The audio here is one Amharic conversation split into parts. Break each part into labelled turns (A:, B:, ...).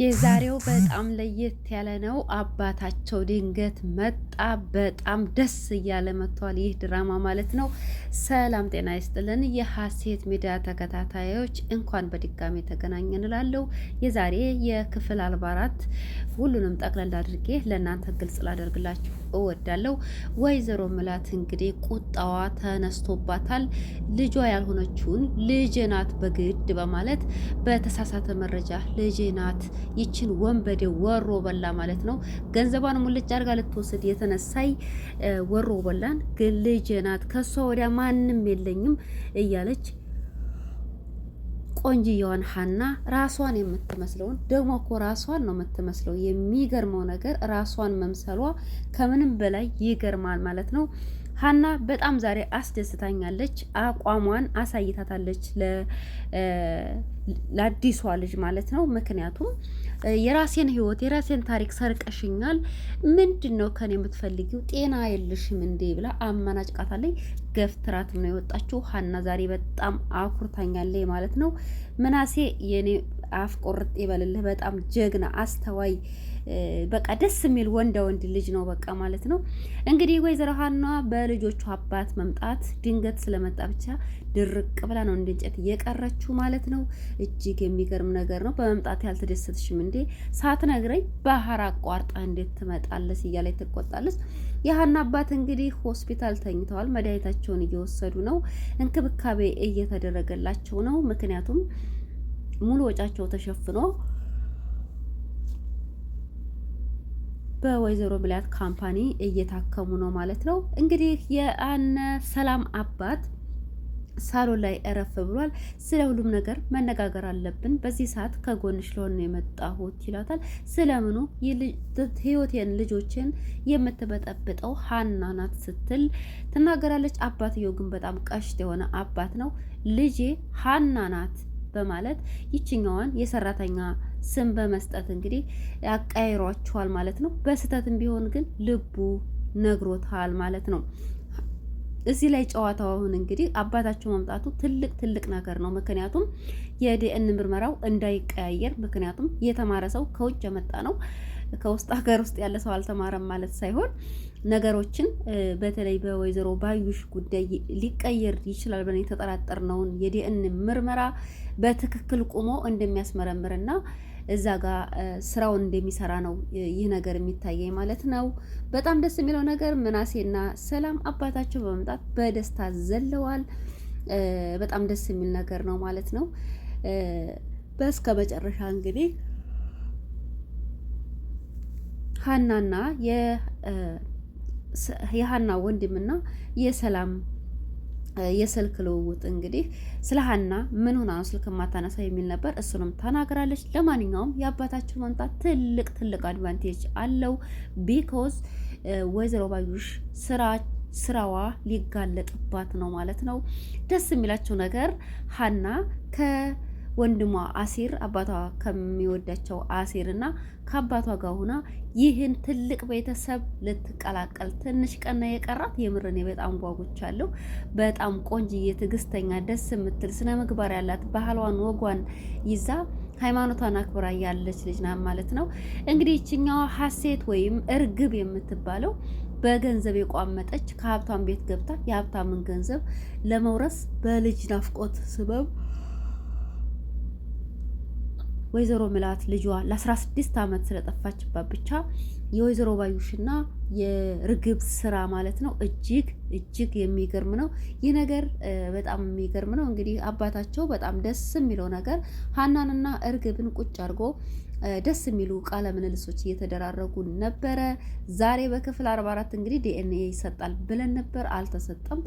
A: የዛሬው በጣም ለየት ያለ ነው። አባታቸው ድንገት መጣ። በጣም ደስ እያለ መጥቷል፣ ይህ ድራማ ማለት ነው። ሰላም ጤና ይስጥልን የሀሴት ሚዲያ ተከታታዮች እንኳን በድጋሚ ተገናኘ እንላለሁ። የዛሬ የክፍል አርባ አራት ሁሉንም ጠቅለል አድርጌ ለእናንተ ግልጽ ላደርግላችሁ እወዳለሁ። ወይዘሮ ምላት እንግዲህ ቁጣዋ ተነስቶባታል። ልጇ ያልሆነችውን ልጄ ናት በግድ በማለት በተሳሳተ መረጃ ልጄ ናት ይችን ወንበዴ ወሮ በላ ማለት ነው ገንዘቧን ሙልጭ አድርጋ ልትወስድ የተነሳይ ወሮ በላን ግን ልጄ ናት ከሷ ወዲያ ማንም የለኝም እያለች ቆንጅየዋን ሀና ራሷን የምትመስለውን ደግሞ እኮ ራሷን ነው የምትመስለው። የሚገርመው ነገር ራሷን መምሰሏ ከምንም በላይ ይገርማል ማለት ነው። ሀና በጣም ዛሬ አስደስታኛለች። አቋሟን አሳይታታለች ለአዲሷ ልጅ ማለት ነው። ምክንያቱም የራሴን ህይወት የራሴን ታሪክ ሰርቀሽኛል፣ ምንድን ነው ከኔ የምትፈልጊው? ጤና የለሽም እንዴ ብላ አመናጭቃታለች። ገፍትራት ነው የወጣችው ሀና ዛሬ በጣም አኩርታኛለች ማለት ነው። ምናሴ የኔ አፍ ቆርጥ ይበልልህ። በጣም ጀግና አስተዋይ፣ በቃ ደስ የሚል ወንደ ወንድ ልጅ ነው በቃ ማለት ነው። እንግዲህ ወይዘሮ ሀና በልጆቹ አባት መምጣት ድንገት ስለመጣ ብቻ ድርቅ ብላ ነው እንደ እንጨት እየቀረችው ማለት ነው። እጅግ የሚገርም ነገር ነው። በመምጣት ያልተደሰትሽም እንዴ? ሳትነግረኝ ባህር አቋርጣ እንዴት ትመጣለች እያለች ትቆጣለች። የሀና አባት እንግዲህ ሆስፒታል ተኝተዋል። መድኃኒታቸውን እየወሰዱ ነው። እንክብካቤ እየተደረገላቸው ነው። ምክንያቱም ሙሉ ወጫቸው ተሸፍኖ በወይዘሮ ሚላት ካምፓኒ እየታከሙ ነው ማለት ነው። እንግዲህ የአነ ሰላም አባት ሳሎን ላይ እረፍ ብሏል። ስለ ሁሉም ነገር መነጋገር አለብን። በዚህ ሰዓት ከጎንሽ ለሆን የመጣሁት ይላታል። ስለምኑ ህይወቴን፣ ልጆችን የምትበጠብጠው ሀና ናት ስትል ትናገራለች። አባትየው ግን በጣም ቀሽት የሆነ አባት ነው። ልጄ ሀና ናት በማለት ይችኛዋን የሰራተኛ ስም በመስጠት እንግዲህ አቀያይሯቸዋል ማለት ነው። በስህተትም ቢሆን ግን ልቡ ነግሮታል ማለት ነው። እዚህ ላይ ጨዋታው አሁን እንግዲህ አባታቸው መምጣቱ ትልቅ ትልቅ ነገር ነው። ምክንያቱም የዲኤን ምርመራው እንዳይቀያየር፣ ምክንያቱም የተማረ ሰው ከውጭ የመጣ ነው ከውስጥ ሀገር ውስጥ ያለ ሰው አልተማረም ማለት ሳይሆን ነገሮችን በተለይ በወይዘሮ ባዩሽ ጉዳይ ሊቀየር ይችላል ብለን የተጠራጠርነውን የዲኤን ምርመራ በትክክል ቁሞ እንደሚያስመረምርና እዛ ጋር ስራውን እንደሚሰራ ነው ይህ ነገር የሚታየኝ ማለት ነው። በጣም ደስ የሚለው ነገር ምናሴና ሰላም አባታቸው በመምጣት በደስታ ዘለዋል። በጣም ደስ የሚል ነገር ነው ማለት ነው። በስከ መጨረሻ እንግዲህ ሀናና የሀና ወንድምና የሰላም የስልክ ልውውጥ እንግዲህ ስለ ሀና ምን ሆና ነው ስልክ ማታነሳ የሚል ነበር። እሱንም ተናግራለች። ለማንኛውም የአባታቸው መምጣት ትልቅ ትልቅ አድቫንቴጅ አለው። ቢኮዝ ወይዘሮ ባዩሽ ስራ ስራዋ ሊጋለጥባት ነው ማለት ነው። ደስ የሚላቸው ነገር ሀና ከ ወንድሟ አሲር አባቷ ከሚወዳቸው አሲር እና ከአባቷ ጋር ሆና ይህን ትልቅ ቤተሰብ ልትቀላቀል ትንሽ ቀና የቀራት የምርን በጣም ጓጉቻለሁ። በጣም ቆንጅዬ፣ ትዕግስተኛ፣ ደስ የምትል ስነ ምግባር ያላት ባህሏን ወጓን ይዛ ሃይማኖቷን አክብራ ያለች ልጅ ናት ማለት ነው። እንግዲህ ይችኛዋ ሀሴት ወይም እርግብ የምትባለው በገንዘብ የቋመጠች ከሀብታም ቤት ገብታ የሀብታምን ገንዘብ ለመውረስ በልጅ ናፍቆት ስበብ ወይዘሮ ምላት ልጇ ለ16 ዓመት ስለጠፋችባት ብቻ የወይዘሮ ባዩሽና የርግብ ስራ ማለት ነው። እጅግ እጅግ የሚገርም ነው። ይህ ነገር በጣም የሚገርም ነው። እንግዲህ አባታቸው በጣም ደስ የሚለው ነገር ሀናንና እርግብን ቁጭ አድርጎ ደስ የሚሉ ቃለ ምልልሶች እየተደራረጉ ነበረ። ዛሬ በክፍል 44 እንግዲህ ዲኤንኤ ይሰጣል ብለን ነበር፣ አልተሰጠም።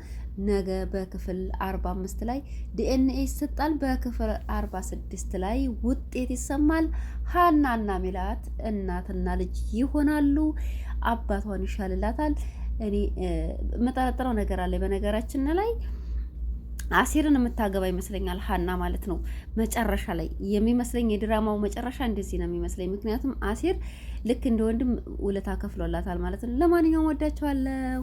A: ነገ በክፍል 45 ላይ ዲኤንኤ ይሰጣል። በክፍል 46 ላይ ውጤት ይሰማል። ሀናና ሚላት እናትና ልጅ ይሆናል። ይሆናሉ። አባቷን ይሻልላታል። እኔ የምጠረጥረው ነገር አለ። በነገራችን ላይ አሴርን የምታገባ ይመስለኛል ሀና ማለት ነው። መጨረሻ ላይ የሚመስለኝ የድራማው መጨረሻ እንደዚህ ነው የሚመስለኝ። ምክንያቱም አሴር ልክ እንደ ወንድም ውለታ ከፍሎላታል ማለት ነው። ለማንኛውም ወዳቸዋለሁ።